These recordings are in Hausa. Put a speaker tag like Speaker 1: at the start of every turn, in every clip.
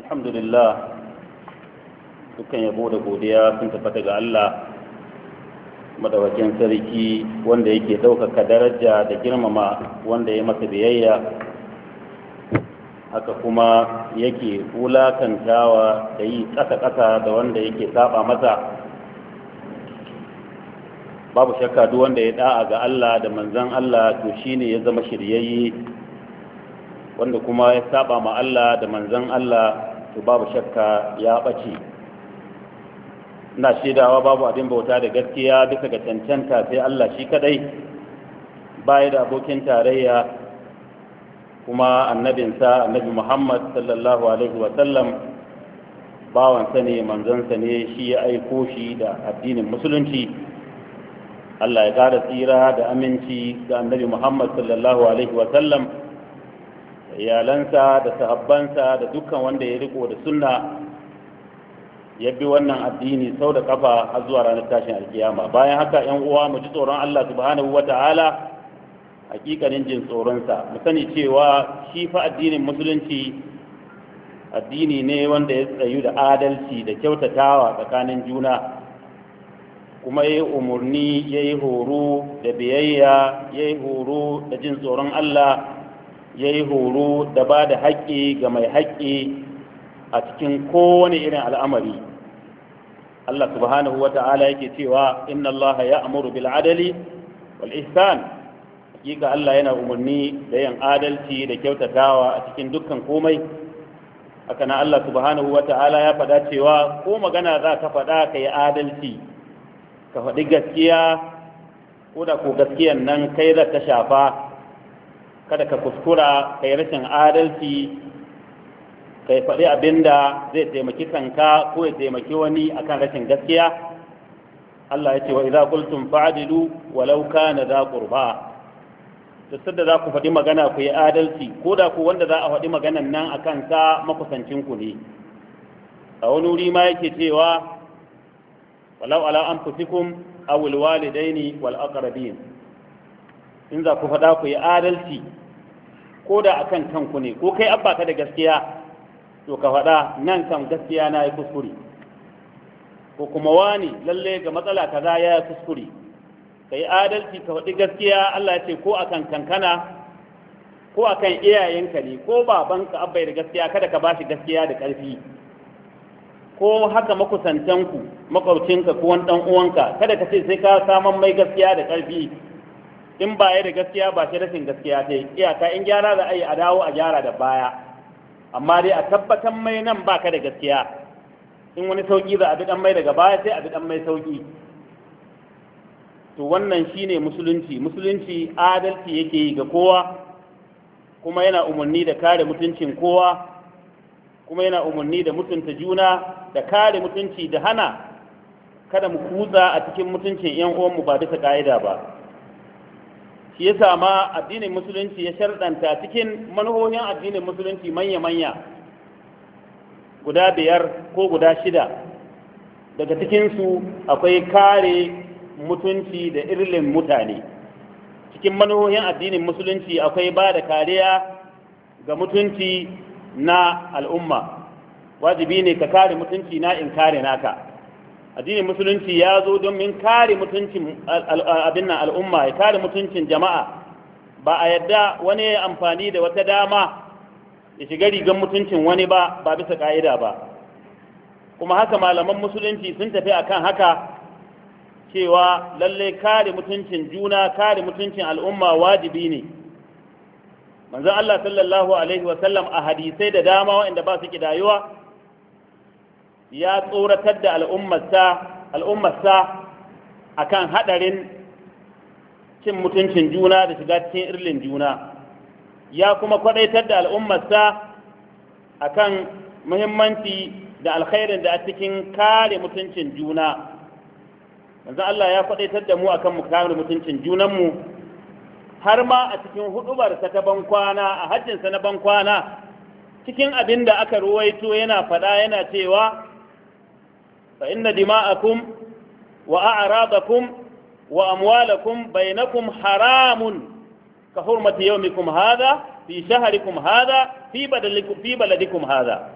Speaker 1: alhamdulillah dukkan yabo da godiya sun tabbata ga Allah madawakin sarki wanda yake ɗaukaka daraja da girmama wanda ya masa biyayya haka kuma yake wulakantawa da yi ƙasa-ƙasa da wanda yake saba masa babu shakka duk wanda ya da'a ga Allah da manzan Allah to shine ya zama shiryayye wanda kuma ya saba ma Allah da manzan Allah to babu shakka ya bace ina shaidawa babu abin bauta da gaskiya duka ga cancanta sai Allah shi kadai baya da abokin tarayya kuma annabinsa annabi Muhammad sallallahu alaihi wa sallam bawansa ne manzansa ne shi ya aiko shi da addinin musulunci Allah ya ƙara tsira da aminci ga annabi Muhammad sallallahu alaihi wa sallam iyalansa da sahabbansa da dukkan wanda ya riko da sunna ya bi wannan addini sau da kafa har zuwa ranar tashin alkiyama bayan haka yan uwa mu ji tsoron Allah subhanahu wa ta'ala hakikanin jin tsoronsa mu sani cewa shi fa addinin musulunci addini ne wanda ya tsayu da adalci da kyautatawa tsakanin juna kuma ya yi umarni ya yi horo da biyayya ya yi horo da jin tsoron Allah ya yi horo da ba da haƙƙi ga mai haƙƙi a cikin kowane irin al'amari Allah subhanahu wa ta'ala yake cewa inna Allah ya amuru bil adali wal ihsan hakika Allah yana umarni da yin adalci da kyautatawa a cikin dukkan komai haka na Allah subhanahu wa ta'ala ya faɗa cewa ko magana za ka faɗa ka yi adalci ka faɗi gaskiya ko da ku gaskiyan nan kai za ta shafa kada ka kuskura kai rashin adalci kai faɗi abinda zai taimaki kanka ko ya taimaki wani akan rashin gaskiya Allah ya ce wa idza qultum fa'dilu walau kana za qurba to sadda za ku faɗi magana ku yi adalci ko da ku wanda za a faɗi maganan nan akan sa makusancin ku ne a wani wuri ma yake cewa walau ala anfusikum aw alwalidaini ne aqrabin in za ku faɗa ku yi adalci ko da akan kanku ne ko kai abba ka da gaskiya to ka faɗa nan kan gaskiya na yi kuskure ko kuma wani lalle ga matsala ka za ya yi kuskure ka yi adalci ka faɗi gaskiya Allah ya ce ko akan kankana ko akan iyayenka ne ko babanka abbai da gaskiya kada ka bashi gaskiya da ƙarfi ko haka makusantanku makwabcinka ko wani dan uwanka kada ka ce sai ka saman mai gaskiya da ƙarfi in ba ya da gaskiya ba shi rashin gaskiya ta iyaka in gyara za a yi a dawo a gyara da baya amma dai a tabbatar mai nan ba ka da gaskiya in wani sauki za a bi dan mai daga baya sai a bi dan mai sauki to wannan shine musulunci musulunci adalci yake yi ga kowa kuma yana umarni da kare mutuncin kowa kuma yana umarni da mutunta juna da kare mutunci da hana kada mu kutsa a cikin mutuncin yan uwanmu ba bisa ka'ida ba shi yasa ma addinin musulunci ya sharɗanta cikin manhohin addinin musulunci manya-manya guda biyar ko guda shida daga cikinsu akwai kare mutunci da irlin mutane cikin manhohin addinin musulunci akwai ba da kariya ga mutunci na al'umma wajibi ne ka kare mutunci na in kare naka addinin musulunci ya zo don min kare mutuncin abin nan al'umma ya kare mutuncin jama'a ba a yadda wani ya amfani da wata dama ya shiga rigar mutuncin wani ba ba bisa ka'ida ba kuma haka malaman musulunci sun tafi akan haka cewa lalle kare mutuncin juna kare mutuncin al'umma wajibi ne manzon Allah sallallahu alaihi wa a hadisai da dama waɗanda ba su kidayuwa ya tsoratar da al'ummarsa a kan haɗarin cin mutuncin juna da shiga cikin irlin juna ya kuma kwaɗaitar da al'ummarsa a kan muhimmanci da alkhairin da a cikin kare mutuncin juna yanzu Allah ya kwaɗaitar da mu a kan kare mutuncin junanmu har ma a cikin huɗubarsa ta bankwana a hajjinsa na bankwana cikin abin da aka ruwaito yana faɗa yana cewa فإن دماءكم وأعراضكم وأموالكم بينكم حرام كحرمة يومكم هذا في شهركم هذا في بلدكم, في بلدكم هذا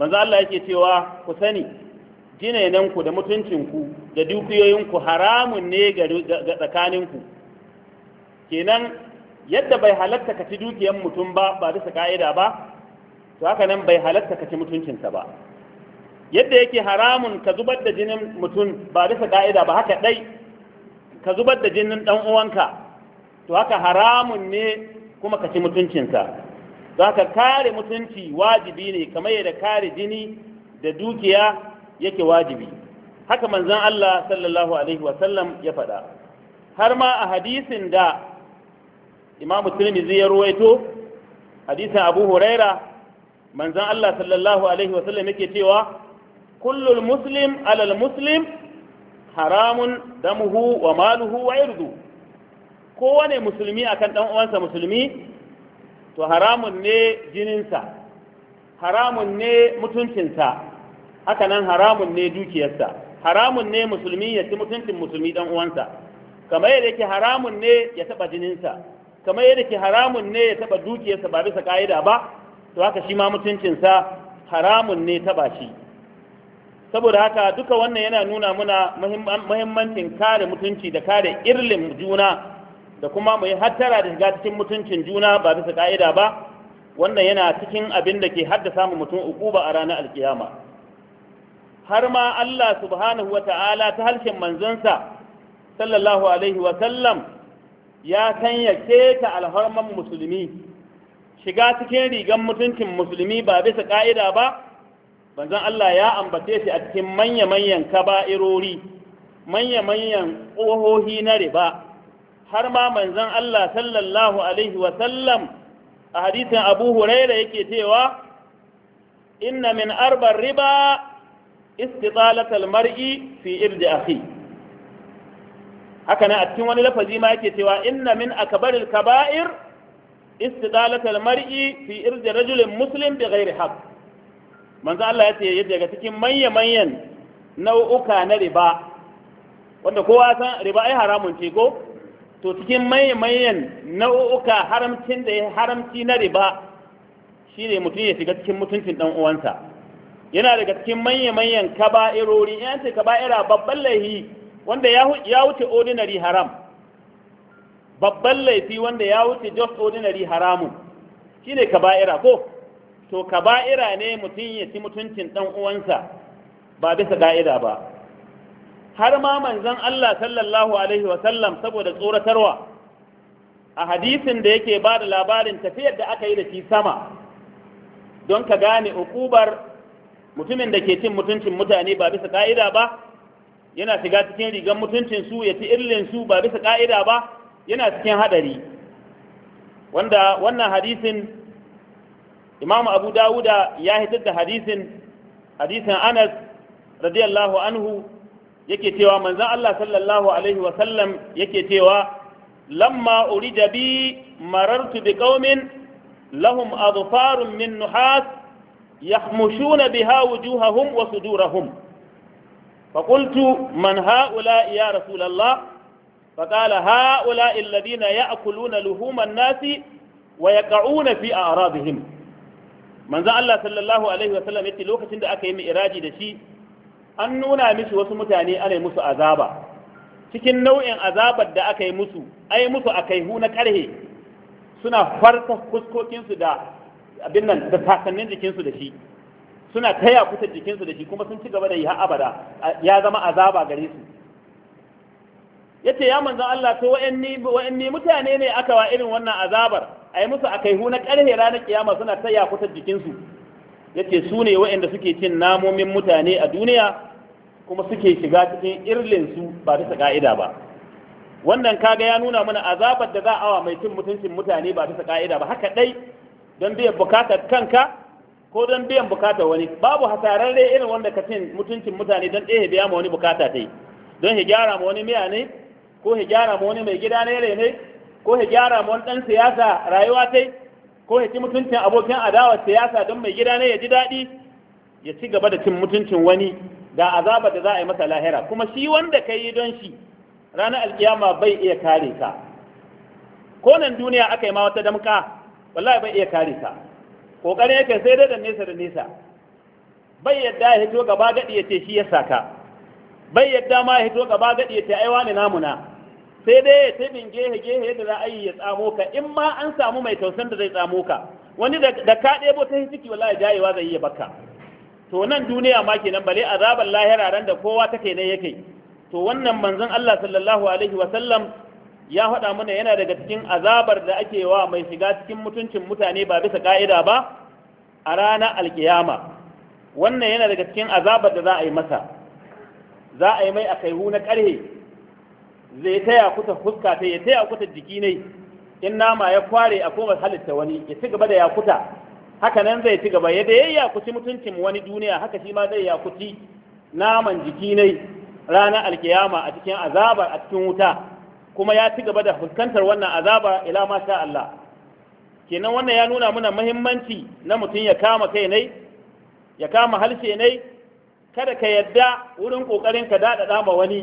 Speaker 1: manzo Allah yake cewa ku sani jinayenanku da mutuncinku da dukiyoyinku haramun ne ga tsakaninku kenan yadda bai halatta ka ci dukiyar mutum ba ba bisa ka'ida ba to hakanan bai halatta ka ci mutuncinsa ba yadda yake haramun ka zubar da jinin mutum ba bisa ka'ida ba haka dai ka zubar da jinin dan uwanka to haka haramun ne kuma ka ci mutuncinsa za ka kare mutunci wajibi ne kamar yadda kare jini da dukiya yake wajibi haka manzon Allah sallallahu alaihi wasallam ya faɗa har ma a hadisin da imam turmizi ya ruwaito hadisin abu huraira manzon Allah sallallahu alaihi wasallam yake cewa kullul muslim alal muslim haramun damuhu wa maluhu wa irdu kowane musulmi akan dan uwansa musulmi to haramun ne jininsa haramun ne mutuncinsa haka nan haramun ne dukiyarsa haramun ne musulmi ya ci mutuncin musulmi dan uwansa kamar yadda ke haramun ne ya taba jininsa kamar yadda ke haramun ne ya taba dukiyarsa ba bisa ka'ida ba to haka shi ma mutuncinsa haramun ne taba shi saboda haka duka wannan yana nuna muna muhimmancin kare mutunci da kare irlin juna da kuma mu yi hattara da shiga cikin mutuncin juna ba bisa ka'ida ba wannan yana cikin abin da ke haddasa mu mutum ukuba a ranar alkiyama har ma Allah subhanahu wata'ala ta harshen manzonsa sallallahu alaihi wa sallam ya sanya keta alharman musulmi shiga cikin rigan mutuncin musulmi ba bisa ka'ida ba manzon Allah ya ambace shi a cikin manya-manyan kaba'irori manya-manyan ƙohohi na riba har ma manzon Allah sallallahu alaihi wa sallam a hadisin Abu Huraira yake cewa inna min arbar riba istitalat almar'i fi irdi akhi haka ne a cikin wani lafazi ma yake cewa inna min akbaril kaba'ir istitalat mar'i fi irdi rajulin muslim bi ghairi haqq manzo Allah ya ce daga cikin manya manyan nau'uka na riba wanda kowa san riba ai haramun ce ko to cikin manya manyan nau'uka haramcin da ya haramci na riba shine mutum ya shiga cikin mutuncin dan uwansa yana daga cikin manya manyan kaba'irori in ce kaba'ira babban laifi wanda ya wuce ordinary haram babban laifi wanda ya wuce just ordinary haramun shine kaba'ira ko to ka kaba'ira ne mutum ya ci mutuncin ɗan uwansa ba bisa ka'ida ba har ma manzon Allah sallallahu alaihi wasallam saboda tsoratarwa a hadisin da yake ba da labarin tafiyar da aka yi da shi sama don ka gane ukubar mutumin da ke cin mutuncin mutane ba bisa ka'ida ba yana shiga cikin rigar mutuncin su ya ci illin su ba bisa ka'ida ba yana cikin hadari wanda wannan hadisin imam abu dawuda ya hitar da hadisin anas radiyallahu anhu yake cewa manzan Allah sallallahu alaihi wa sallam yake cewa lamma urida bi marartu bi qaumin lahum adfarun min nuhas yahmushuna biha wujuhahum wa sudurahum فقلت من هؤلاء يا رسول الله فقال هؤلاء الذين يأكلون لحوم الناس ويقعون في أعراضهم manzon Allah sallallahu alaihi wa sallam yace lokacin da aka yi iraji da shi an nuna mishi wasu mutane ana yi musu azaba cikin nau'in azabar da aka yi musu ai musu a kaihu na karhe suna farta fuskokinsu da abin nan da takannin jikinsu da shi suna taya kusa jikinsu da shi kuma sun ci gaba da yi har abada ya zama azaba gare su yace ya manzon Allah to wa'anni mutane ne aka wa irin wannan azabar ayi musu akaihu na karhe ranar kiyama suna taya kuta jikinsu yace su ne wa'anda suke cin namomin mutane a duniya kuma suke shiga cikin irlin su ba bisa ka'ida ba wannan kaga ya nuna mana azabar da za a wa mai cin mutuncin mutane ba bisa ka'ida ba haka dai don biyan bukatar kanka ko don biyan bukatar wani babu hasararre irin wanda ka cin mutuncin mutane don ɗaya biya ma wani bukata ta yi don ya gyara ma wani miya ne ko ya gyara ma wani mai gida ne ne ko ya gyara ma wani dan siyasa rayuwa tai ko ya ci mutuncin abokin adawa siyasa don mai gida ne ya ji daɗi ya ci gaba da cin mutuncin wani da azaba da za a yi masa lahira kuma shi wanda ka yi don shi ranar alkiyama bai iya kare ka ko nan duniya aka yi ma wata damka wallahi bai iya kare ka kokarin yake sai dai da nesa da nesa bai yadda ya hito gaba gadi ya ce shi ya saka bai yadda ma ya hito gaba gadi ya ce ai wani namuna sai dai ya tabin gehe gehe da za a ya tsamo ka in ma an samu mai tausan da zai tsamo ka wani da ka ɗebo ta ciki wallahi jayewa zai iya baka. to nan duniya ma kenan bale azabar lahira ran da kowa ta kai ne yake to wannan manzon Allah sallallahu alaihi wa ya faɗa mana yana daga cikin azabar da ake wa mai shiga cikin mutuncin mutane ba bisa ka'ida ba a ranar alkiyama wannan yana daga cikin azabar da za a yi masa za a yi mai a kaihu na ƙarhe zai taya kuta fuska ta ya taya kuta jiki ne in nama ya kware a koma halitta wani ya ci gaba da yakuta haka nan zai ci gaba ya yadda ya yakuci mutuncin wani duniya haka shi ma zai yakuci naman jiki ne Rana alkiyama a cikin azaba a cikin wuta kuma ya ci gaba da fuskantar wannan azaba ila ma sha Allah kenan wannan ya nuna mana muhimmanci na mutum ya kama kai ne ya kama halshe ne kada ka yadda wurin kokarin ka daɗaɗa ma wani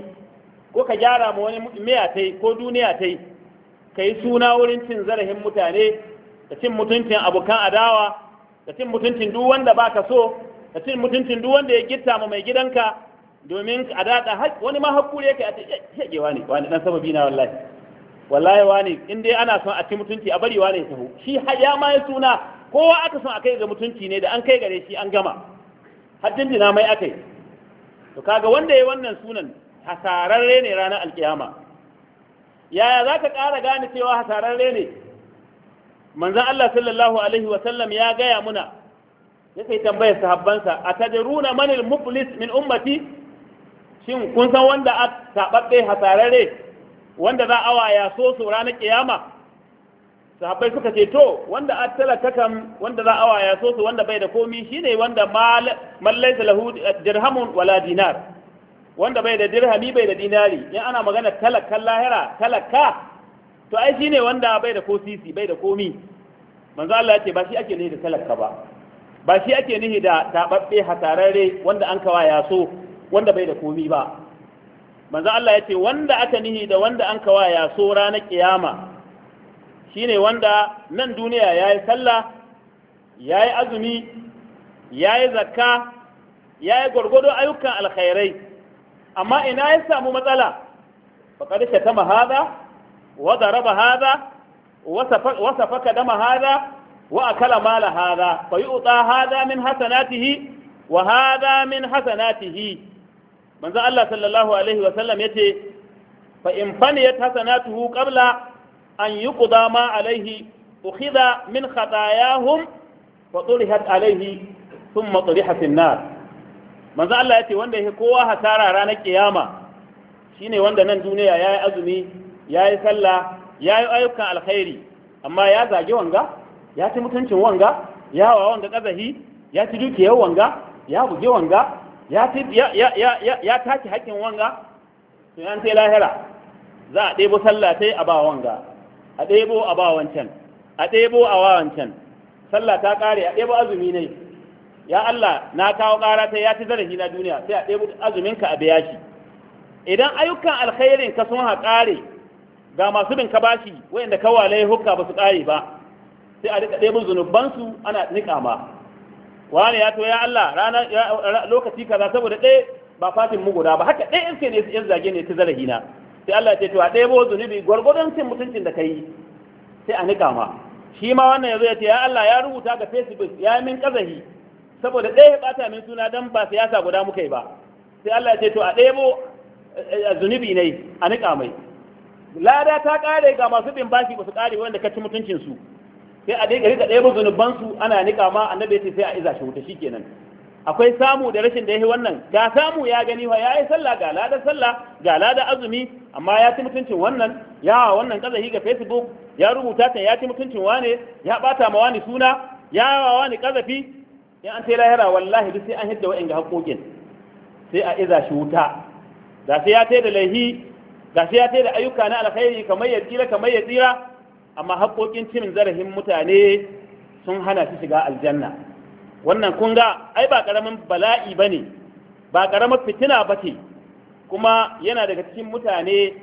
Speaker 1: ko ka gyara ma wani miya ta yi ko duniya ta yi ka yi suna wurin cin zarafin mutane da cin mutuncin abokan adawa da cin mutuncin duk wanda ka so da cin mutuncin duk wanda ya gitta ma mai gidanka domin a daɗa wani ma hakuri yake a ce shege wani wani dan sababi na wallahi wallahi wani in dai ana son a ci mutunci a bari wani ya taho shi ya ma ya suna kowa aka son a kai ga mutunci ne da an kai gare shi an gama haddin dina mai aka yi to kaga wanda ya yi wannan sunan hasararre ne ranar alkiyama yaya za ka ƙara gane cewa hasararre ne manzan Allah sallallahu alaihi wasallam ya gaya muna ya kai tambayar sahabbansa a tadiruna manil muflis min ummati shin kun san wanda a taɓaɓɓe hasararre wanda za a waya so su ranar kiyama sahabbai suka ce to wanda a talaka kam wanda za a waya so su wanda bai da komi shine wanda mallai lahu dirhamun wala dinar wanda bai da dirhami bai da dinari in ana magana talakan lahira talaka to ai shine wanda bai da ko sisi bai da komi manzo Allah ya ce ba shi ake nihi da talaka ba ba shi ake nihi da tababbe hasararre wanda an kawa ya so wanda bai da komi ba manzo Allah ya ce wanda aka nihi da wanda an kawa ya so ranar kiyama shine wanda nan duniya yayi sallah yayi azumi yayi zakka yayi gurgudo ayyukan alkhairai amma ina ya samu matsala faƙar shatama haza wa daraba haza wa safaka dama haza wa akala mala haza fa yi yu'ta haza min hasanatihi wa haza min hasanatihi manzo Allah sallallahu alaihi wa sallam ce, fa in faniyat hasanatuhu qabla an yuqda ma alaihi ukhidha min khatayahum fa turihat alaihi thumma turiha fi an-nar manzo Allah ya ce wanda yake kowa hasara ranar kiyama shine wanda nan duniya yayi azumi yayi sallah yayi ayyukan alkhairi amma ya zage wanga ya ci mutuncin wanga ya wa wanga kazahi ya ci dukiyar wanga ya buge wanga ya ci ya ya ya taki hakkin wanga to yan sai lahira za a ɗebo sallah sai a ba wanga a ɗebo a ba wancan a ɗebo a wa wancan sallah ta kare a ɗebo azumi ne ya Allah na kawo ƙara ta ya ci zarafi na duniya sai a ɗebo azumin ka a biya shi idan ayyukan alkhairin ka sun haƙare ga masu bin ka bashi wayanda ka walaye hukka ba su ƙare ba sai a rika ɗebo zunubansu ana niƙa ma wani ya to ya Allah rana lokaci kaza saboda ɗaya ba fatin mu guda ba haka ɗaya iske ne yan zage ne ta zarafi na sai Allah ya ce to a ɗebo zunubi gwargwadon cin mutuncin da ka yi sai a niƙa ma shi ma wannan ya zo ya ce ya Allah ya rubuta ga Facebook ya yi min ƙazahi saboda ɗaya ya ɓata min suna don ba siyasa guda muka yi ba sai Allah ya ce to a ɗebo eh, eh, zunubi ne a niƙa mai lada ta ƙare ga masu bin bashi ba su ƙare wanda ka ci mutuncin su sai a dai ga ɗebo zunuban su ana niƙa ma annabi ya sai a iza shi wuta shikenan akwai samu da rashin da yayi wannan ga samu ya gani wa yayi sallah ga lada sallah ga lada azumi amma ya ci mutuncin wannan ya wannan kazahi ga Facebook ya rubuta ta ya ci mutuncin wane ya ɓata ma wani suna ya wa wani kazafi in an tai lahira wallahi duk sai an hidda wa'in ga haƙoƙin sai a iza shi wuta ga sai ya tai da laihi ga sai ya tai da ayyuka na alkhairi kamar ya tsira kamar ya tsira amma haƙoƙin cin zarafin mutane sun hana shi shiga aljanna wannan kun ga ai ba ƙaramin bala'i ba ne ba ƙaramin fitina ba ce kuma yana daga cikin mutane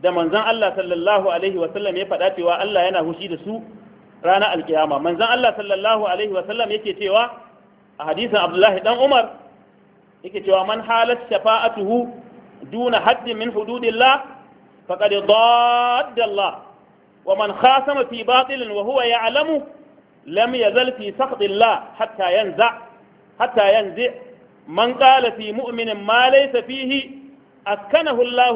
Speaker 1: da manzon Allah sallallahu alaihi wasallam ya faɗa cewa Allah yana hushi da su ranar alkiyama manzon Allah sallallahu alaihi wasallam yake cewa a hadisin abdullahi dan umar yake cewa man halat shafa'atuhu duna haddin min hududillah faqad dadda Allah wa man khasama fi batilin wa huwa ya'lamu lam yazal fi saqdillah hatta yanza hatta yanzi man qala fi mu'minin ma laysa fihi askanahu Allah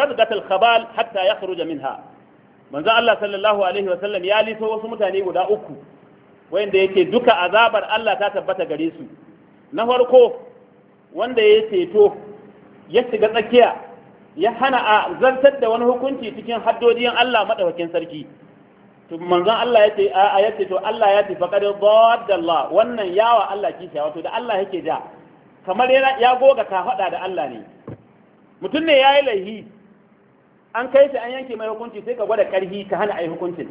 Speaker 1: radgat al-khabal hatta yakhruja minha manzo Allah sallallahu alaihi wa sallam ya liso wasu mutane guda uku wanda yake duka azabar Allah ta tabbata gare su na farko wanda ya ceto ya shiga tsakiya ya hana a zartar da wani hukunci cikin haddodin Allah madaukakin sarki to manzon Allah ya ce a ya to Allah ya tafi faqad Allah wannan yawa Allah kishiya wato da Allah yake ja kamar ya goga ka faɗa da Allah ne mutum ne yayi laihi an kai shi an yanke mai hukunci sai ka gwada karhi ka hana ai hukuncin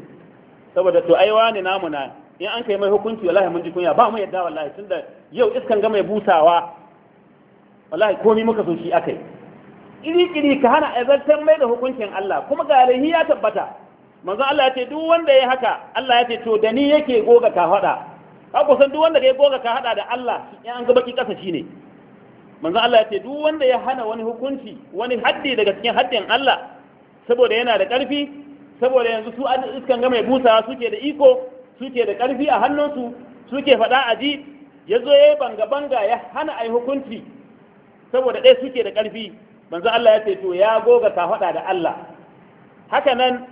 Speaker 1: saboda to ai wani namu na in an kai mai hukunci wallahi mun ji kunya ba mu yadda wallahi tunda yau iskan ga mai busawa wallahi komai muka so shi akai iri iri ka hana azartar mai da hukuncin Allah kuma ga alaihi ya tabbata manzo Allah ya ce duk wanda ya haka Allah ya ce to da ni yake goga ka hada ka kusan duk wanda ya goga ka hada da Allah in an ga baki kasa shine manzo Allah ya ce duk wanda ya hana wani hukunci wani haddi daga cikin haddin Allah saboda yana da ƙarfi saboda yanzu su iskan ga mai busawa suke da iko suke da ƙarfi a hannunsu suke faɗa a ji ya zo ya yi banga-banga ya hana a yi hukunci saboda ɗaya suke da ƙarfi manzo Allah ya ce to ya goga ka faɗa da Allah haka nan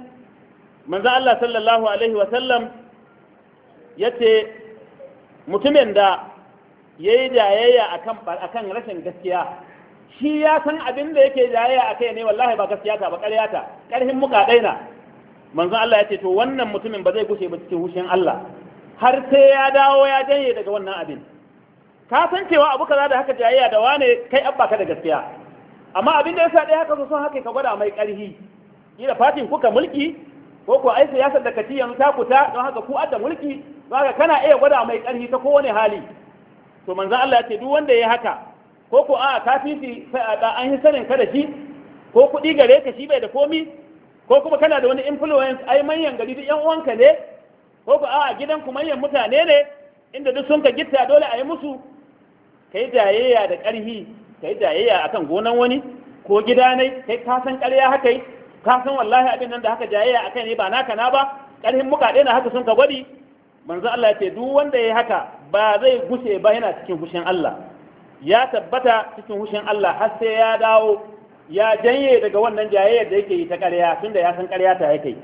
Speaker 1: manzo Allah sallallahu alaihi wasallam ya ce mutumin da ya yi jayayya a kan rashin gaskiya shi ya san abin da yake jayayya a kai ne wallahi ba gaskiya ta ba ƙarya ta ƙarfin muka ɗaina manzon Allah ya ce to wannan mutumin ba zai gushe ba cikin hushin Allah har sai ya dawo ya janye daga wannan abin ka san cewa abu kaza da haka jayayya da wane kai abba ka da gaskiya amma abin da yasa dai haka so son haka ka gwada mai karhi ila fatin kuka mulki ko ko ai ya da kaci ta kuta don haka ku adda mulki don haka kana iya gwada mai karhi ta kowane hali to manzon Allah ya ce duk wanda yayi haka ko ko a kafifi sai a da an yi sanin ka da shi ko kuɗi gare ka shi bai da komi ko kuma kana da wani influence ai manyan gari du yan uwanka ne ko ku a gidan ku manyan mutane ne inda duk sun ka gitta dole a yi musu kai jayayya da ƙarhi kai jayayya akan gonan wani ko gida ne kai ka san ƙarya haka yi ka san wallahi abin nan da haka jayayya akan ne ba naka na ba ƙarhin muka na haka sun ka gwadi manzo Allah ya ce duk wanda ya haka ba zai gushe ba yana cikin hushin Allah ya tabbata cikin hushin Allah har sai ya dawo ya janye daga wannan jayayyar da yake yi ta ƙarya tunda ya san ƙarya ta yake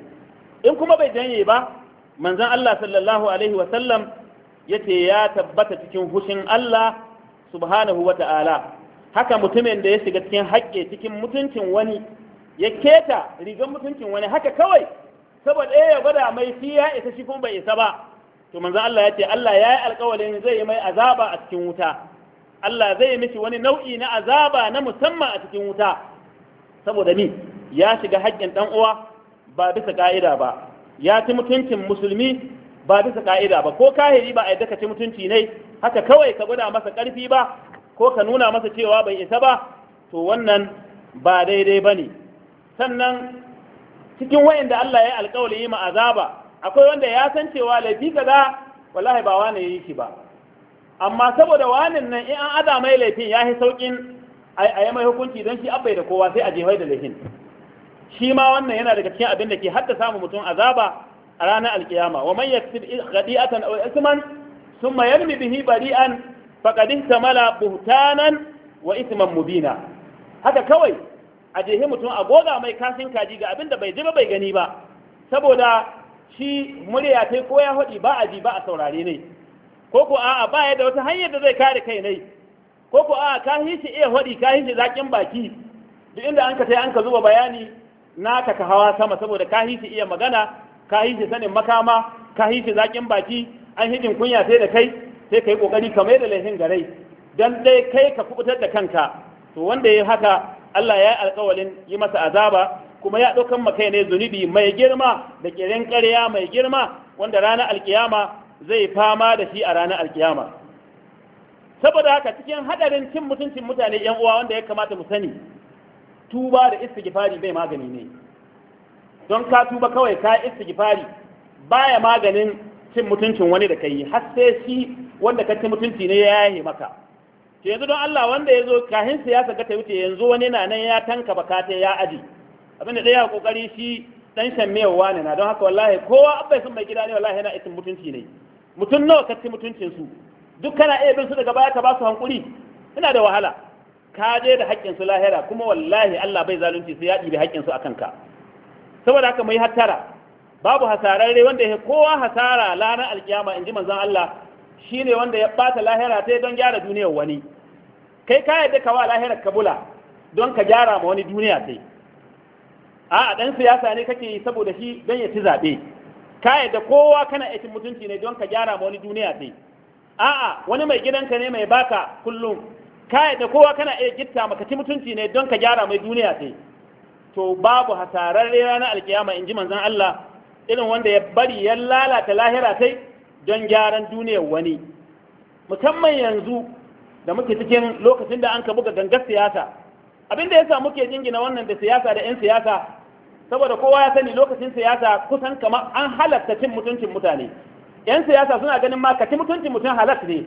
Speaker 1: in kuma bai janye ba manzon Allah sallallahu alaihi wa sallam yace ya tabbata cikin hushin Allah subhanahu wa ta'ala haka mutumin da ya shiga cikin haƙƙe cikin mutuncin wani ya keta rigar mutuncin wani haka kawai saboda ya gwada mai shi ya isa shi kuma bai isa ba to manzo Allah ya ce Allah ya yi alƙawarin zai yi mai azaba a cikin wuta Allah zai mishi wani nau'i na azaba na musamman a cikin wuta saboda ni ya shiga haƙƙin ɗan uwa ba bisa ƙa'ida ba ya ci mutuncin musulmi ba bisa ƙa'ida ba ko kahiri ba a yadda ka ci mutunci ne haka kawai ka gwada masa ƙarfi ba ko ka nuna masa cewa bai isa ba to wannan ba daidai ba ne sannan cikin wayanda Allah ya alƙawari yi azaba akwai wanda ya san cewa laifi kaza wallahi ba wani yi shi ba amma saboda wanin nan in an ada mai laifin ya yi saukin a yi mai hukunci don shi abai da kowa sai a jefai da lahin shi ma wannan yana daga cikin abin da ke hadda samu mutum azaba a ranar alkiyama wa man yaksib ghadi'atan aw isman thumma yarmi bihi bari'an faqad ihtamala buhtanan wa isman mubina haka kawai a jehe mutum a goga mai kasin kaji ga abin da bai ji ba bai gani ba saboda shi murya tai ko ya ba a ji ba a saurare ne ko ko a'a ba ya da wata hanyar da zai kare kai ne ko ko a ka shi iya hodi ka shi zakin baki duk inda an ka tai an ka zuba bayani naka ka hawa sama saboda ka shi iya magana ka shi sanin makama ka shi zakin baki an hidin kunya sai da kai sai kai kokari ka mai da laifin garai dan dai kai ka kubutar da kanka to wanda ya haka Allah ya yi alƙawalin yi masa azaba kuma ya ɗaukan makai ne zunubi mai girma da ƙirin ƙarya mai girma wanda ranar alkiyama zai fama da shi a ranar alkiyama saboda haka cikin hadarin cin mutuncin mutane yan uwa wanda ya kamata mu sani tuba da istighfari bai magani ne don ka tuba kawai ka istighfari baya maganin cin mutuncin wani da kai har sai shi wanda ka ci mutunci ne ya yahe maka to yanzu don Allah wanda ya zo kahin siyasa saka ta wuce yanzu wani na nan ya tanka bakata ya aji abin da ɗaya kokari shi dan shammewa ne na don haka wallahi kowa abai sun mai gida ne wallahi yana cin mutunci ne mutum nawa ka ci mutuncin su duk kana iya bin su daga baya ka ba su hankuri ina da wahala ka je da haƙƙin su lahira kuma wallahi Allah bai zalunci su ya ɗibi haƙƙin su akan ka saboda haka mu yi hattara babu hasararre wanda ya kowa hasara lana alkiyama in ji manzon Allah shine wanda ya bata lahira sai don gyara duniyar wani kai ka yadda ka wa lahirar kabula don ka gyara ma wani duniya sai a dan siyasa ne kake yi saboda shi don ya ci zaɓe ka yadda kowa kana aikin mutunci ne don ka gyara ma wani duniya sai a'a wani mai gidanka ne mai baka kullum kai da kowa kana iya gitta maka ci mutunci ne don ka gyara mai duniya sai to babu hasararre ranar alkiyama in ji manzon Allah irin wanda ya bari ya lalata lahira sai don gyaran duniyar wani musamman yanzu da muke cikin lokacin da an ka buga gangar siyasa abinda yasa muke jingina wannan da siyasa da 'yan siyasa saboda kowa ya sani lokacin siyasa kusan kamar an halatta cin mutuncin mutane yan siyasa suna ganin ma ka ci mutunci mutum halas ne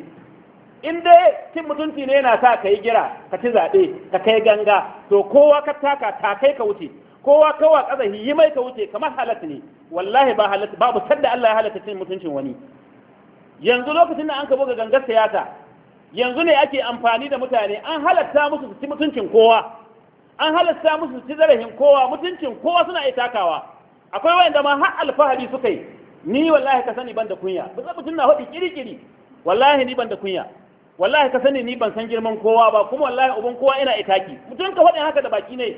Speaker 1: in dai cin mutunci ne yana sa ka yi gira ka ci zaɓe ka kai ganga to kowa ka taka ta kai ka wuce kowa kawa ƙasa yi mai ka wuce kamar halas ne wallahi ba halas babu sadda Allah ya halatta cin mutuncin wani yanzu lokacin da an ka buga gangar siyasa yanzu ne ake amfani da mutane an halatta musu su ci mutuncin kowa an halatta musu su ci zarafin kowa mutuncin kowa suna iya takawa akwai wanda ma har alfahari suka yi ni wallahi ka sani ban da kunya ba za mutum na faɗi kirikiri wallahi ni ban da kunya wallahi ka sani ni ban san girman kowa ba kuma wallahi uban kowa ina itaki mutum ka faɗi haka da baki ne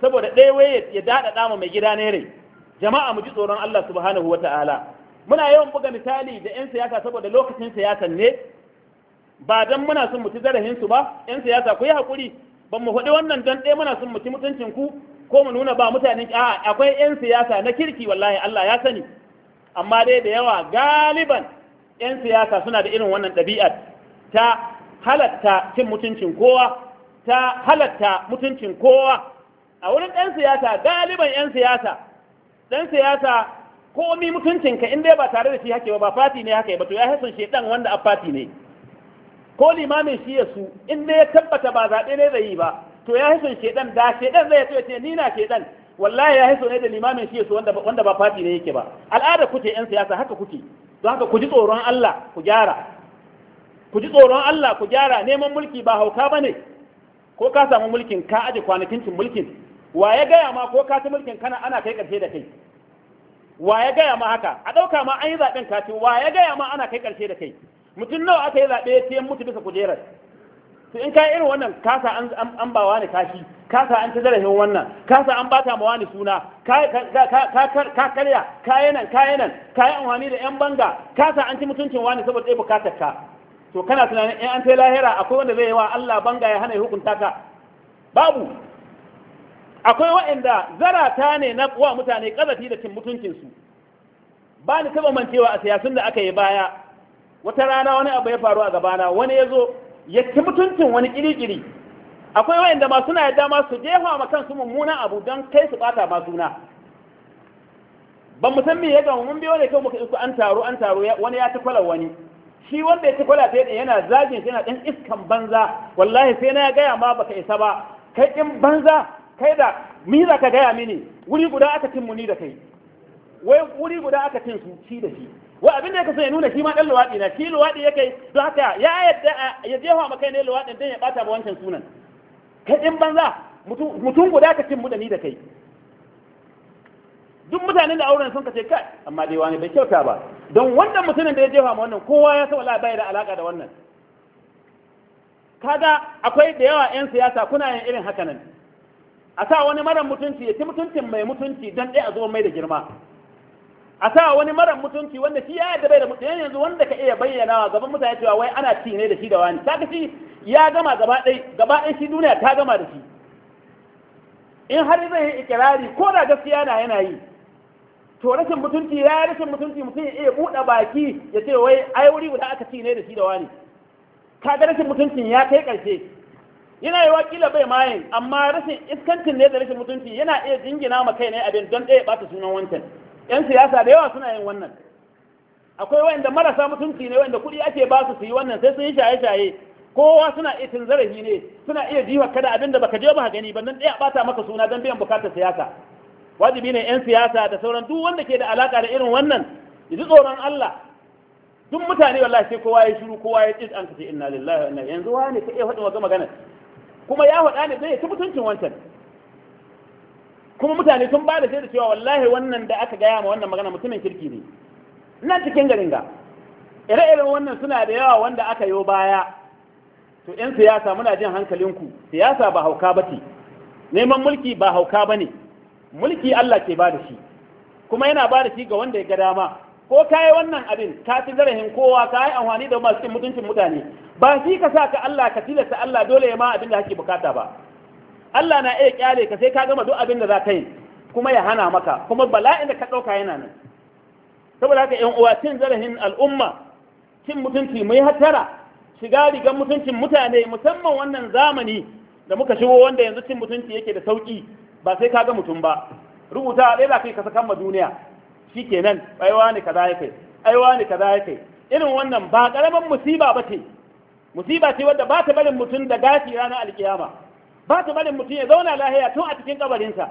Speaker 1: saboda ɗaya waye ya daɗa dama mai gida ne rai jama'a mu ji tsoron Allah subhanahu wa ta'ala muna yawan buga misali da 'yan siyasa saboda lokacin siyasan ne ba dan muna son mutu zarahin su ba 'yan siyasa ku yi hakuri ban mu faɗi wannan dan ɗaya muna son mutu mutuncin ku ko mu nuna ba mutanen a akwai 'yan siyasa na kirki wallahi Allah ya sani amma dai da yawa galiban 'yan siyasa suna da irin wannan ɗabi'ar ta halatta cin mutuncin kowa ta halatta mutuncin kowa a wurin ɗan siyasa galiban 'yan siyasa ɗan siyasa komi mutuncinka in ba tare da shi hake ba fati ne haka ba to ya haifin ɗan wanda a fati ne ko limamin shi ya su in ya tabbata ba zaɓe ne zai yi ba to ya haifin ɗan da ɗan zai ce ni na shedan wallahi ya haiso ne da limamin shi su wanda wanda ba fati ne yake ba al'ada kuke yan siyasa haka kuke don haka ku ji tsoron Allah ku gyara ku ji tsoron Allah ku gyara neman mulki ba hauka bane ko ka samu mulkin ka aje kwanakin cin mulkin wa ya gaya ma ko ka ci mulkin kana ana kai karshe da kai wa ya gaya ma haka a ɗauka ma an yi zaɓen kafin wa ya gaya ma ana kai karshe da kai mutum nawa aka yi zaɓe ya mutu bisa kujerar su in ka irin wannan kasa an ba wani kashi kasa an ta zarafin wannan kasa an bata ma wani suna ka karya kayanan kayanan kayan amfani da yan banga kasa an ci mutuncin wani saboda ɗaya bukatar ka to kana tunanin in an ta lahira akwai wanda zai yi wa Allah banga ya hana ya hukunta ka babu akwai waɗanda zarata ne na wa mutane kazafi da cin mutuncinsu ba ni taba mancewa a siyasun da aka yi baya wata rana wani abu ya faru a gabana wani ya zo Yaki mutuntun mutuncin wani kirikiri akwai wayanda masu na yadda masu su jefa ma kansu mummunan abu don kai su bata ma suna ban mu me ya gama mun biyo ne kai muka isu an taro an taro wani ya tukwala wani shi wanda ya tukwala ta yadda yana zagin yana dan iskan banza wallahi sai na ya gaya ma baka isa ba kai in banza kai da mi ka gaya mini wuri guda aka cin mu ni da kai wai wuri guda aka cin su da shi wa abin da yake so ya nuna shi ma dan luwadi na shi luwadi yake don haka ya yadda ya jefa makai ne luwadin dan ya bata ba wancan sunan kai din banza mutum guda ka cin mudani da kai duk mutanen da auren sun kace kai amma dai wani bai kyauta ba don wannan mutumin da ya je ma wannan kowa ya san wallahi bai da alaka da wannan kaga akwai da yawa yan siyasa kuna yin irin haka nan a sa wani mara mutunci ya ci mutuncin mai mutunci don ɗaya a zo mai da girma a sa wani mara mutunci wanda shi ya yadda bai da mutunci yanzu wanda ka iya bayyana wa gaban mutane cewa wai ana ci ne da shi da wani ta shi ya gama gaba ɗai gaba ɗai shi duniya ta gama da shi in har zai yi ikirari ko da gaskiya na yana yi to rashin mutunci ya rashin mutunci mutum ya iya buɗe baki ya ce wai ai wuri guda aka ci ne da shi da wani kaga rashin mutunci ya kai ƙarshe yana yi wakila bai mayin amma rashin iskancin ne da rashin mutunci yana iya jingina ma kai ne abin don ɗaya ɓata sunan wancan 'yan siyasa da yawa suna yin wannan akwai wanda marasa mutunci ne wanda kuɗi ake ba su yi wannan sai sun yi shaye-shaye kowa suna iya cin zarafi ne suna iya jiwa kada abin da baka je ba gani ba nan ɗaya bata maka suna don biyan bukatar siyasa wajibi ne 'yan siyasa da sauran duk wanda ke da alaka da irin wannan ya tsoron Allah duk mutane wallahi sai kowa ya shiru kowa ya ji an ce inna lillahi wa inna yanzu wani ka iya faɗi magana kuma ya faɗa ne zai ci mutuncin wancan kuma mutane sun ba da shaida cewa wallahi wannan da aka gaya ma wannan magana mutumin kirki ne ina cikin garin ga ire-iren wannan suna da yawa wanda aka yi baya to 'yan siyasa muna jin hankalinku siyasa ba hauka ba ce neman mulki ba hauka ba ne mulki Allah ke ba da shi kuma yana ba da shi ga wanda ya ga dama ko ka yi wannan abin ka ci zarafin kowa ka yi amfani da masu cin mutuncin mutane ba shi ka sa ka Allah ka tilasta Allah dole ya ma abin da ake bukata ba Allah na iya kyale ka sai ka gama duk abin da za ka yi kuma ya hana maka kuma bala'in da ka ɗauka yana nan saboda haka yan uwa cin zarafin al'umma cin mutunci mai hatara shiga rigar mutuncin mutane musamman wannan zamani da muka shigo wanda yanzu cin mutunci yake da sauki ba sai ka ga mutum ba rubuta ɗaya za ka yi ka ma duniya shi kenan aiwa ne kaza ya kai aiwa ne kaza ya kai irin wannan ba ƙaramin musiba ba ce musiba ce wadda ba ta barin mutum da gashi ranar alkiyama ba ta barin mutum ya zauna lahiya tun a cikin kabarinsa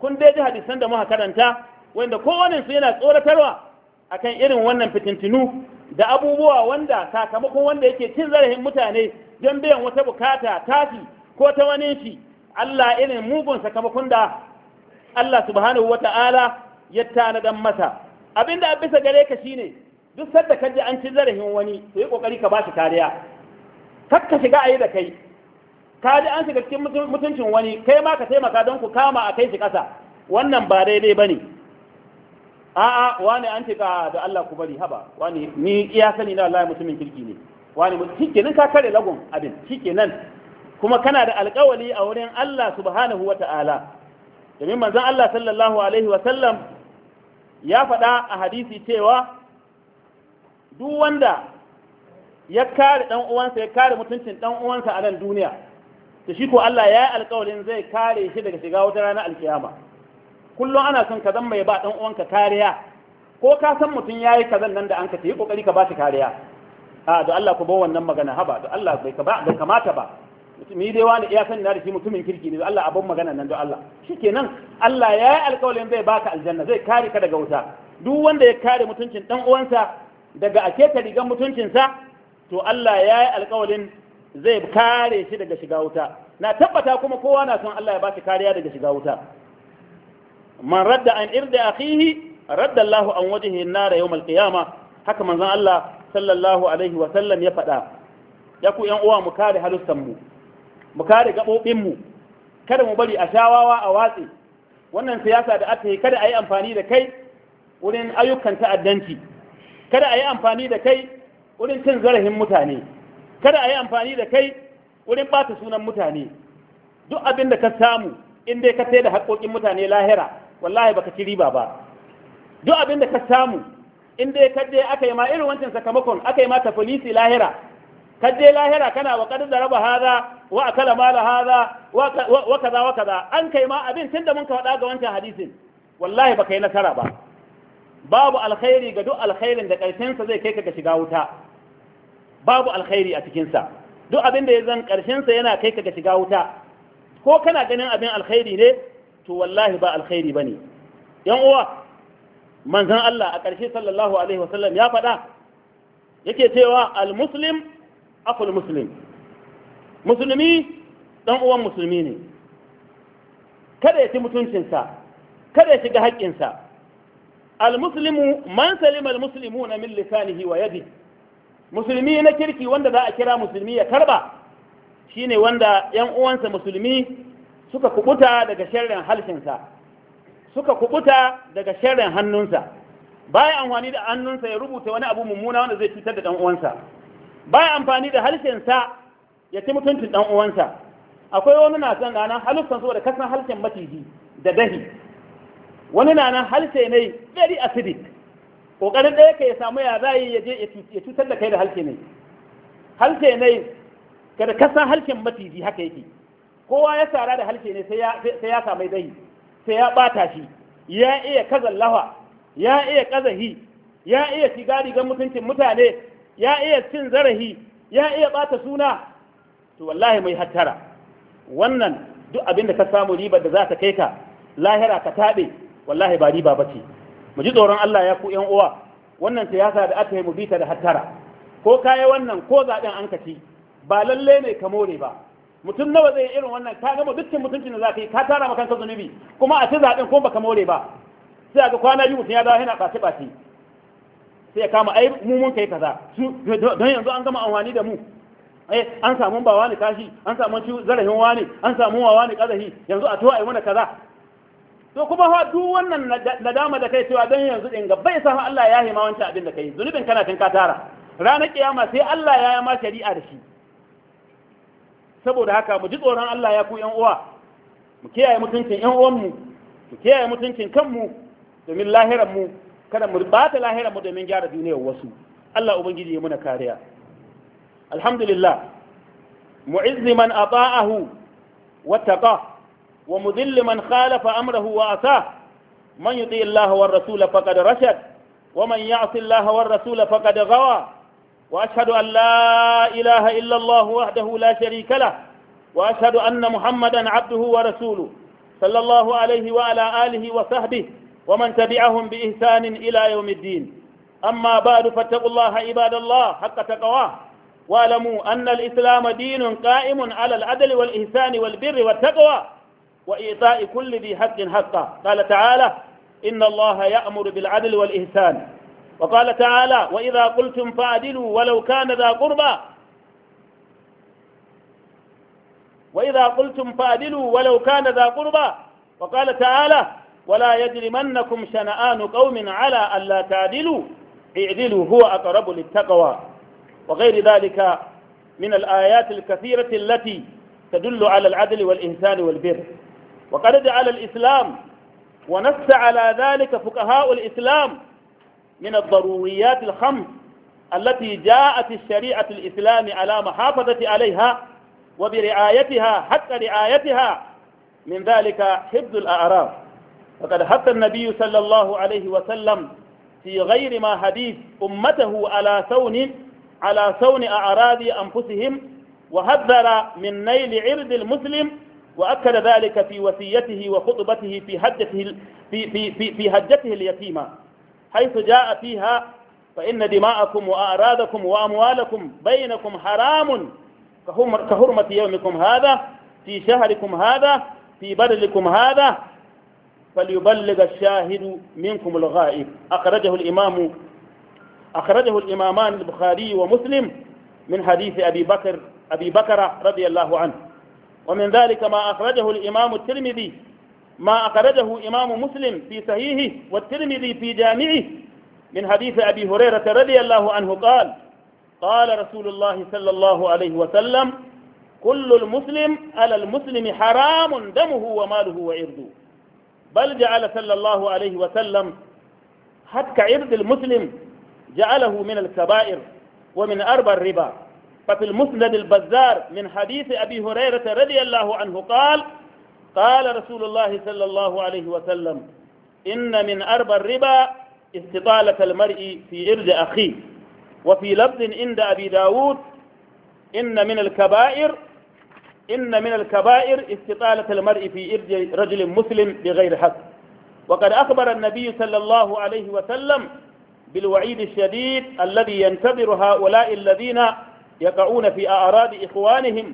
Speaker 1: kun dai ji hadisan da muka karanta wanda kowane su yana tsoratarwa akan irin wannan fitintinu da abubuwa wanda sakamakon wanda yake cin zarafin mutane don biyan wata bukata tasi, ko ta wani shi Allah irin mugun sakamakon da Allah subhanahu wa ta'ala ya tanadan masa abinda a bisa gare ka shine duk sadda kaji an cin zarafin wani to yi kokari ka ba shi kariya kakka shiga ayi da kai ka ji an shiga cikin mutuncin wani kai ma ka taimaka don ku kama a kai shi ƙasa wannan ba daidai ba ne a'a wani an ce da Allah ku bari haba wani ni iya sani na Allah mutumin kirki ne wani shikenan ka kare lagun abin shikenan kuma kana da alƙawali a wurin Allah subhanahu wa ta'ala domin manzon Allah sallallahu alaihi wa sallam ya faɗa a hadisi cewa duk wanda ya kare dan uwansa ya kare mutuncin dan uwansa a nan duniya to shi ko Allah ya yi alƙawarin zai kare shi daga shiga wata rana alkiyama kullum ana son kazan mai ba ɗan uwanka kariya ko ka san mutum ya yi kazan nan da an ka yi kokari ka ba shi kariya a da Allah ku bo wannan magana haba da Allah bai ka ba da kamata ba ni dai wani iya sani na da shi mutumin kirki ne Allah abun magana nan da Allah shikenan Allah ya yi alƙawarin zai baka aljanna zai kare ka daga wuta duk wanda ya kare mutuncin ɗan uwansa daga ake ta rigan mutuncinsa to Allah ya yi alƙawarin zai kare shi daga shiga wuta na tabbata kuma kowa na son Allah ya ba shi kariya daga shiga wuta man radda an irda akhihi radda Allahu an wajhihi an-nar yawm al-qiyama haka manzon Allah sallallahu alaihi wa sallam ya faɗa ya ku ƴan uwa mu kare halustan mu mu kare gabobin mu kada mu bari a shawawa a watsi wannan siyasa da aka yi kada a yi amfani da kai wurin ayyukan ta'addanci kada a yi amfani da kai wurin cin zarafin mutane kada a yi amfani da kai wurin ɓata sunan mutane duk abin da ka samu in dai ka da haƙoƙin mutane lahira wallahi baka ci riba ba duk abin da ka samu in dai ka je aka yi ma irin wancan sakamakon aka yi ma tafilisi lahira ka je lahira kana wa kadar da raba haza wa akala mala haza wa kaza wa kaza an kai ma abin tun da mun ka faɗa ga wancan hadisin wallahi baka yi nasara ba babu alkhairi ga duk alkhairin da ƙarshensa zai kai ka ga shiga wuta babu alkhairi a cikinsa duk abin da ya zan ƙarshensa yana kai ka shiga wuta ko kana ganin abin alkhairi ne to wallahi ba alkhairi ba ne yan uwa manzan Allah a ƙarshe sallallahu alaihi wasallam ya faɗa yake cewa almuslim akul muslim musulmi dan uwan musulmi ne kada ya ci mutuncinsa kada ya shiga haƙƙinsa almuslimu man salima na min lisanihi wa yadihi musulmi na kirki wanda za a kira musulmi ya karba shine wanda yan uwansa musulmi suka kubuta daga sharrin halshinsa suka kubuta daga sharrin hannunsa baya amfani da hannunsa ya rubuta wani abu mummuna wanda zai cutar da dan uwansa baya amfani da halshinsa ya ci mutuncin dan uwansa akwai wani na san ranar halussan saboda kasan halshin maciji da dahi wani na nan halshe ne very acidic kokarin ɗaya ka ya samu ya za ya je ya cutar da kai da halke ne halke ne kada ka san halken maciji haka yake kowa ya tsara da halke ne sai ya samu zahi sai ya bata shi ya iya kaza lawa ya iya kazahi ya iya shiga rigar mutuncin mutane ya iya cin zarahi ya iya bata suna to wallahi mai hattara wannan duk abin da ka samu ribar da za ta kai ka lahira ka taɓe wallahi ba riba ba ce mu ji tsoron Allah ya ku yan uwa wannan siyasa da aka yi mu bita da hattara ko kayi wannan ko zaben an kaci ba lalle ne ka more ba mutum nawa zai irin wannan ka gama dukkan mutunci da za ka yi ka tara maka kanka zunubi kuma a ci zaben ko baka more ba sai ga kwana biyu mutum ya dawo yana ɓaci ɓaci sai ya kama ai mu mun kai kaza don yanzu an gama amfani da mu eh an samu ba kashi an samu zarafin wani an samu wani kazahi yanzu a to ai mana kaza to kuma fa duk wannan nadama da kai cewa dan yanzu din ga bai san Allah ya hima wancan abin da kai zunubin kana tun ka tara ranar kiyama sai Allah ya yama shari'a da shi saboda haka mu ji tsoron Allah ya ku yan uwa mu kiyaye mutuncin yan uwan mu kiyaye mutuncin kanmu domin lahiran mu kada mu bata lahiran mu domin gyara duniyar wasu Allah ubangiji ya muna kariya alhamdulillah mu'izzi man ata'ahu wattaqa ومذل من خالف أمره وأتاه من يطيع الله والرسول فقد رشد ومن يعص الله والرسول فقد غوى وأشهد أن لا إله إلا الله وحده لا شريك له وأشهد أن محمدا عبده ورسوله صلى الله عليه وعلى آله وصحبه ومن تبعهم بإحسان إلى يوم الدين أما بعد فاتقوا الله عباد الله حق تقواه واعلموا أن الإسلام دين قائم على العدل والإحسان والبر والتقوى وإيطاء كل ذي حق حقه قال تعالى إن الله يأمر بالعدل والإحسان وقال تعالى وإذا قلتم فعدلوا ولو كان ذا قربى وإذا قلتم فعدلوا ولو كان ذا قربى وقال تعالى ولا يجرمنكم شنآن قوم على ألا تعدلوا اعدلوا هو أقرب للتقوى وغير ذلك من الآيات الكثيرة التي تدل على العدل والإنسان والبر وقد جعل الإسلام ونص على ذلك فقهاء الإسلام من الضروريات الخمس التي جاءت الشريعة الإسلام على محافظة عليها وبرعايتها حتى رعايتها من ذلك حفظ الأعراف وقد حث النبي صلى الله عليه وسلم في غير ما حديث أمته على ثون على ثون أعراض أنفسهم وحذر من نيل عرض المسلم وأكد ذلك في وصيته وخطبته في هجته في في في, في هجته اليتيمة حيث جاء فيها فإن دماءكم وأعراضكم وأموالكم بينكم حرام كحرمة يومكم هذا في شهركم هذا في بدلكم هذا فليبلغ الشاهد منكم الغائب أخرجه الإمام أخرجه الإمامان البخاري ومسلم من حديث أبي بكر أبي بكر رضي الله عنه ومن ذلك ما أخرجه الإمام الترمذي ما أخرجه إمام مسلم في صحيحه والترمذي في جامعه من حديث أبي هريرة رضي الله عنه قال قال رسول الله صلى الله عليه وسلم كل المسلم على المسلم حرام دمه وماله وعرضه بل جعل صلى الله عليه وسلم حتى عرض المسلم جعله من الكبائر ومن أربى الربا ففي المسند البزار من حديث أبي هريرة رضي الله عنه قال قال رسول الله صلى الله عليه وسلم إن من أربى الربا استطالة المرء في إرض أخيه وفي لفظ عند أبي داود إن من الكبائر إن من الكبائر استطالة المرء في إرض رجل مسلم بغير حق وقد أخبر النبي صلى الله عليه وسلم بالوعيد الشديد الذي ينتظر هؤلاء الذين يقعون في أعراض إخوانهم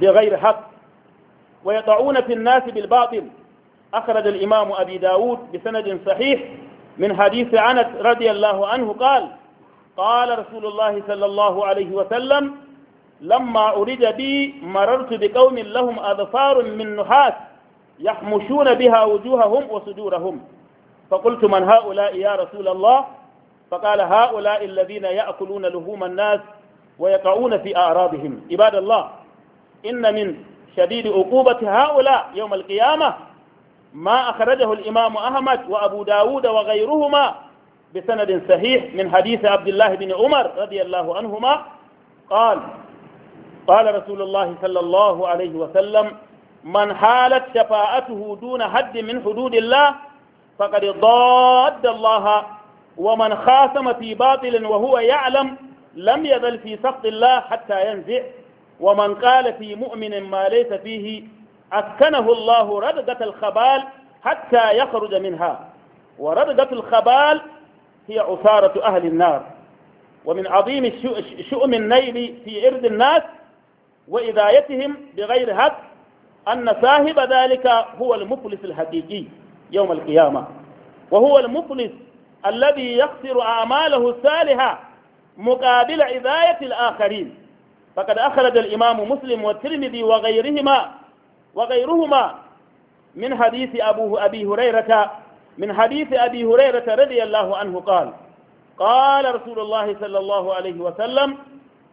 Speaker 1: بغير حق ويقعون في الناس بالباطل أخرج الإمام أبي داود بسند صحيح من حديث عنت رضي الله عنه قال قال رسول الله صلى الله عليه وسلم لما أريد بي مررت بقوم لهم أظفار من نحاس يحمشون بها وجوههم وصدورهم فقلت من هؤلاء يا رسول الله فقال هؤلاء الذين يأكلون لهوم الناس ويقعون في أعراضهم عباد الله إن من شديد عقوبة هؤلاء يوم القيامة ما أخرجه الإمام أحمد وأبو داود وغيرهما بسند صحيح من حديث عبد الله بن عمر رضي الله عنهما قال قال رسول الله صلى الله عليه وسلم من حالت شفاعته دون حد من حدود الله فقد ضاد الله ومن خاصم في باطل وهو يعلم لم يزل في سخط الله حتى ينزع ومن قال في مؤمن ما ليس فيه أسكنه الله ردقة الخبال حتى يخرج منها وردقة الخبال هي عثارة أهل النار ومن عظيم شؤم النيل في إرد الناس وإذايتهم بغير حق أن صاحب ذلك هو المفلس الحقيقي يوم القيامة وهو المفلس الذي يخسر أعماله الصالحة مقابل عباية الآخرين فقد أخرج الإمام مسلم والترمذي وغيرهما وغيرهما من حديث أبو أبي هريرة من حديث أبي هريرة رضي الله عنه قال قال رسول الله صلى الله عليه وسلم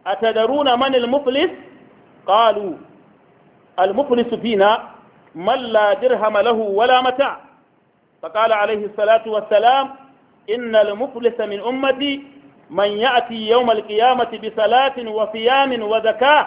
Speaker 1: أتدرون من المفلس قالوا المفلس فينا من لا درهم له ولا متاع فقال عليه الصلاة والسلام إن المفلس من أمتي من يأتي يوم القيامة بصلاة وصيام وزكاة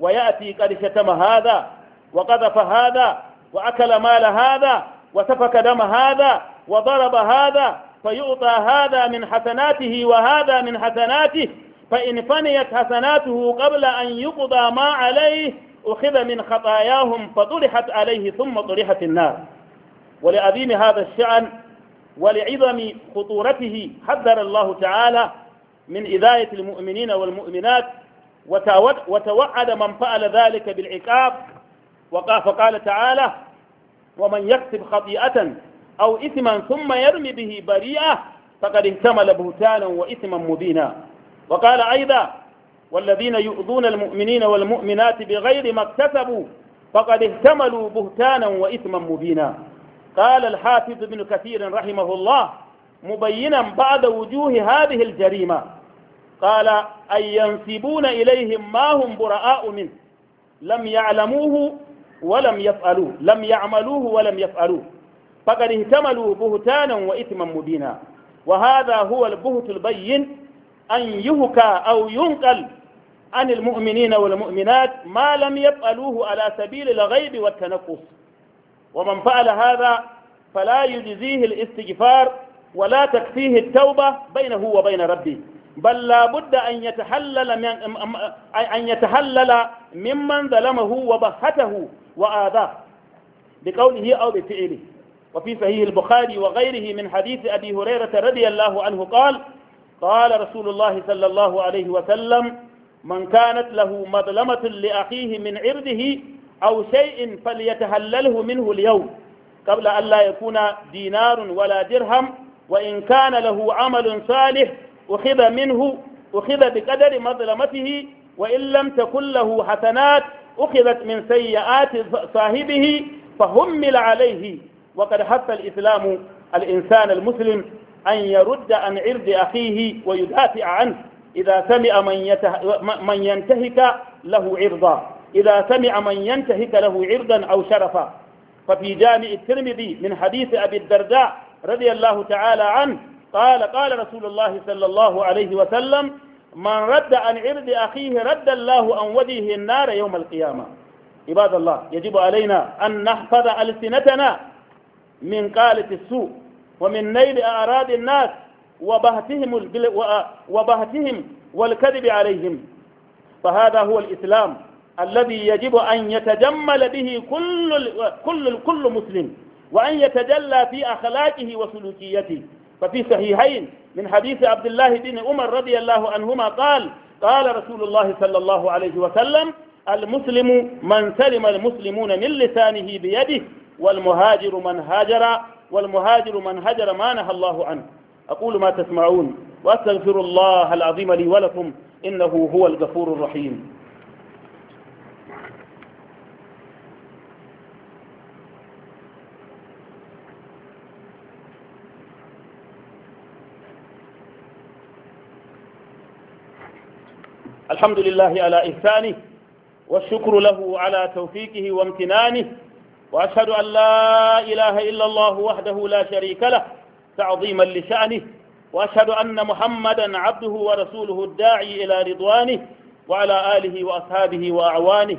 Speaker 1: ويأتي قد شتم هذا وقذف هذا وأكل مال هذا وسفك دم هذا وضرب هذا فيعطى هذا من حسناته وهذا من حسناته فإن فنيت حسناته قبل أن يقضى ما عليه أخذ من خطاياهم فطرحت عليه ثم طرحت النار ولعظيم هذا الشأن ولعظم خطورته حذر الله تعالى من إذاية المؤمنين والمؤمنات وتوعد من فعل ذلك بالعقاب فقال تعالى ومن يكسب خطيئة أو إثما ثم يرمي به بريئة فقد اهتمل بهتانا وإثما مبينا وقال أيضا والذين يؤذون المؤمنين والمؤمنات بغير ما اكتسبوا فقد اهتملوا بهتانا وإثما مبينا قال الحافظ ابن كثير رحمه الله مبينا بعد وجوه هذه الجريمة قال أن ينسبون إليهم ما هم براء منه لم يعلموه ولم يفعلوه لم يعملوه ولم يفعلوه فقد اهتملوا بهتانا وإثما مبينا وهذا هو البهت البين أن يهكى أو ينقل عن المؤمنين والمؤمنات ما لم يفعلوه على سبيل الغيب والتنقص ومن فعل هذا فلا يجزيه الاستغفار ولا تكفيه التوبة بينه وبين ربه بل لا بد أن يتحلل من أن يتحلل ممن ظلمه وبهته وآذاه بقوله أو بفعله وفي صحيح البخاري وغيره من حديث أبي هريرة رضي الله عنه قال قال رسول الله صلى الله عليه وسلم من كانت له مظلمة لأخيه من عرضه أو شيء فليتهلله منه اليوم قبل أن لا يكون دينار ولا درهم وإن كان له عمل صالح أخذ منه أخذ بقدر مظلمته وإن لم تكن له حسنات أخذت من سيئات صاحبه فهمل عليه وقد حث الإسلام الإنسان المسلم أن يرد عن عرض أخيه ويدافع عنه إذا سمع من, من ينتهك له عرضا إذا سمع من ينتهك له عرضا أو شرفا ففي جامع الترمذي من حديث أبي الدرداء رضي الله تعالى عنه قال قال رسول الله صلى الله عليه وسلم من رد عن عرض أخيه رد الله عن وجهه النار يوم القيامة عباد الله يجب علينا أن نحفظ ألسنتنا من قالة السوء ومن نيل أعراض الناس وبهتهم, وبهتهم والكذب عليهم فهذا هو الإسلام الذي يجب أن يتجمل به كل كل كل مسلم وأن يتجلى في أخلاقه وسلوكيته ففي صحيحين من حديث عبد الله بن عمر رضي الله عنهما قال قال رسول الله صلى الله عليه وسلم المسلم من سلم المسلمون من لسانه بيده والمهاجر من هاجر والمهاجر من هجر ما نهى الله عنه أقول ما تسمعون وأستغفر الله العظيم لي ولكم إنه هو الغفور الرحيم الحمد لله على إحسانه والشكر له على توفيقه وامتنانه وأشهد أن لا إله إلا الله وحده لا شريك له تعظيما لشأنه وأشهد أن محمدا عبده ورسوله الداعي إلى رضوانه وعلى آله وأصحابه وأعوانه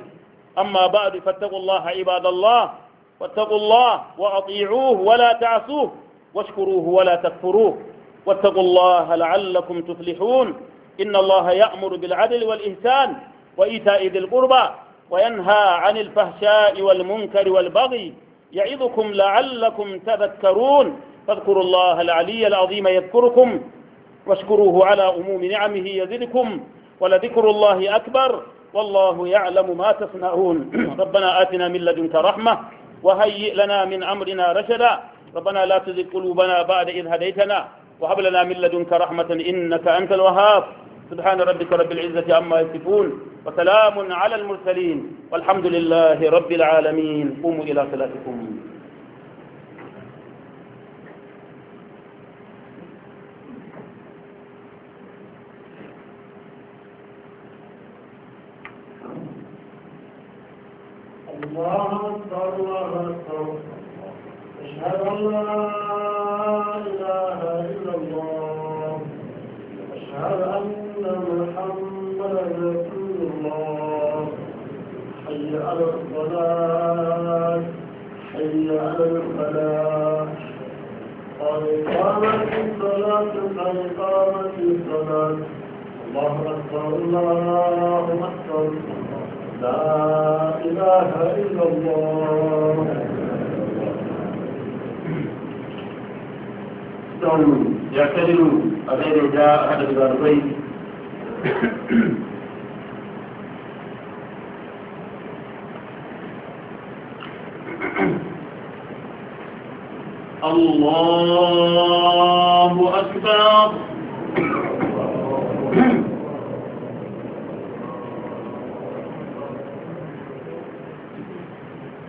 Speaker 1: أما بعد فاتقوا الله عباد الله واتقوا الله وأطيعوه ولا تعصوه واشكروه ولا تكفروه واتقوا الله لعلكم تفلحون إن الله يأمر بالعدل والإحسان وإيتاء ذي القربى وينهى عن الفحشاء والمنكر والبغي يعظكم لعلكم تذكرون فاذكروا الله العلي العظيم يذكركم واشكروه على أموم نعمه يزدكم ولذكر الله أكبر والله يعلم ما تصنعون ربنا آتنا من لدنك رحمة وهيئ لنا من أمرنا رشدا ربنا لا تزغ قلوبنا بعد إذ هديتنا وهب لنا من لدنك رحمة إنك أنت الوهاب سبحان ربك رب العزة عما يصفون وسلام على المرسلين والحمد لله رب العالمين قوموا إلى صلاتكم
Speaker 2: الله أكبر لا إله إلا الله يعتدل أبين
Speaker 1: جاء أحد البارقين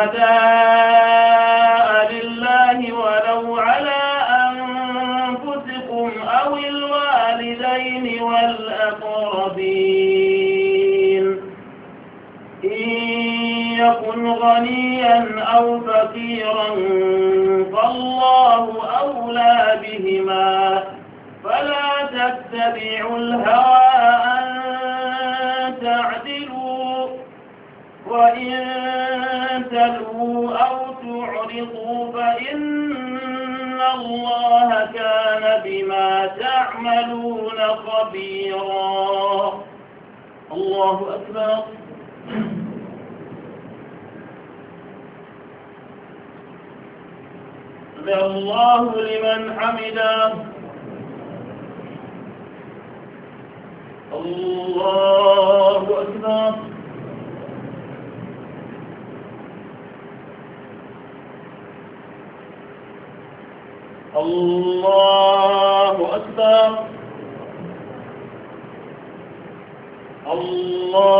Speaker 2: شهداء لله ولو على أنفسكم أو الوالدين والأقربين إن يكن غنيا أو فقيرا فالله أولى بهما فلا تتبعوا الهوى أن تعدلوا وإن تلو أو تعرضوا فإن الله كان بما تعملون خبيرا الله أكبر الله لمن حمد الله الله أكبر الله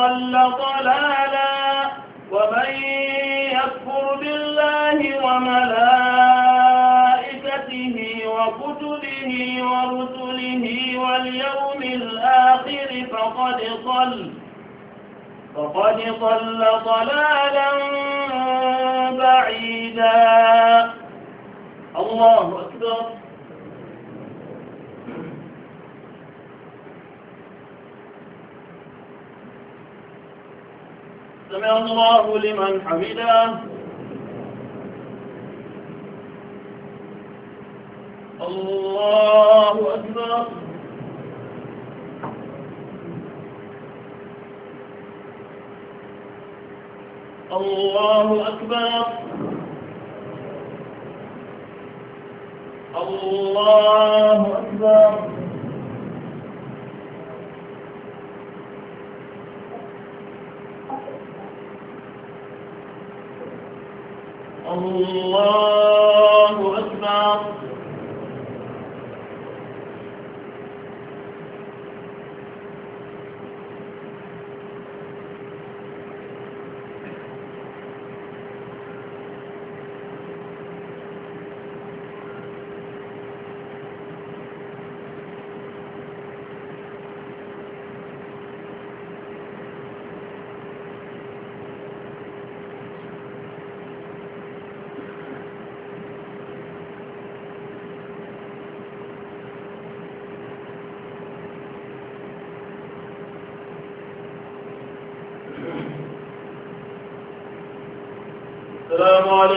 Speaker 2: ضل ضلالا ومن يكفر بالله وملائكته وكتبه ورسله واليوم الآخر فقد ضل فقد ضل ضلالا بعيدا الله الله لمن حمده الله أكبر الله أكبر الله أكبر والله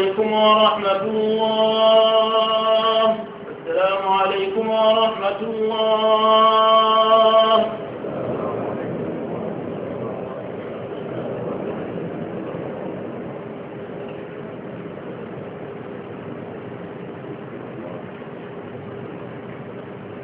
Speaker 2: Au on